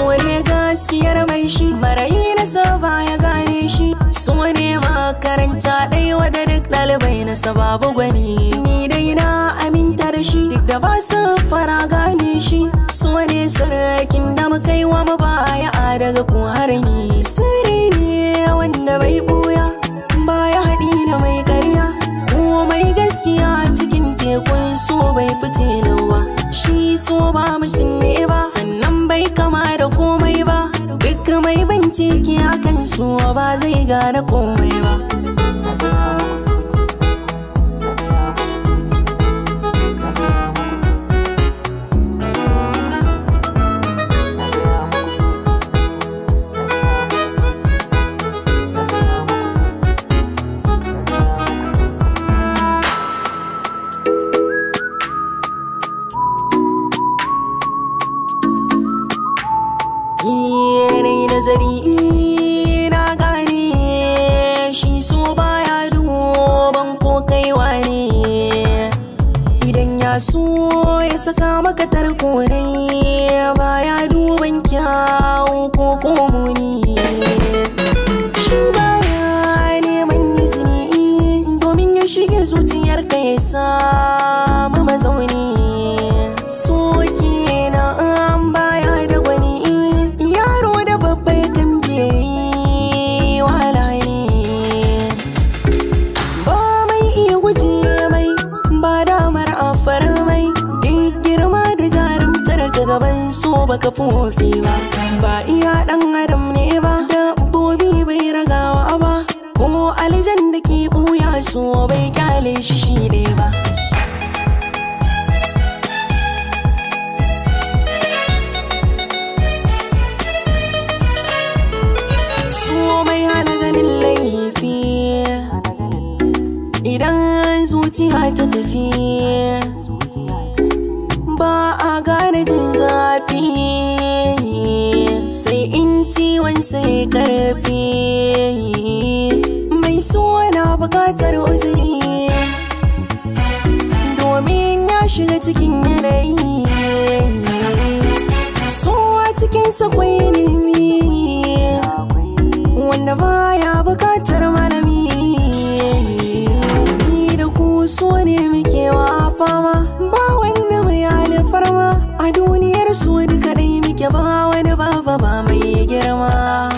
sone gaskiyar mai shi marayi na ba ya gane shi sone makaranta ɗaya da duk ɗalibai na sababu gwani ni dai na aminta da shi duk da ba su fara gane shi sone sarakin da mu kai wa mabaya daga buhari sirri ne wanda bai bu mai bincike akan su ba zai gane komai ba nazari na gane shi so baya duban ko kai wane idan ya so ya saka maka tarko baya duban kyawu ko komuni shi baya neman izini domin ya shige zuciyarka ya sa baka fofi ba ba iya dan adam ne ba dabbobi bai ragawa ba ko aljan da ke buya su bai kyale shi shi ne ba zuciya ta tafi ba a gane jin sai karfi mai suna bukatar uzuri domin ya shiga cikin yanayi suwa cikin sakwai ilimi wanda baya bukatar malami da ku so ne muke wa fama ba wanda mai alfarma a duniyar su wani kaɗai muke ba wani ba ba 吗？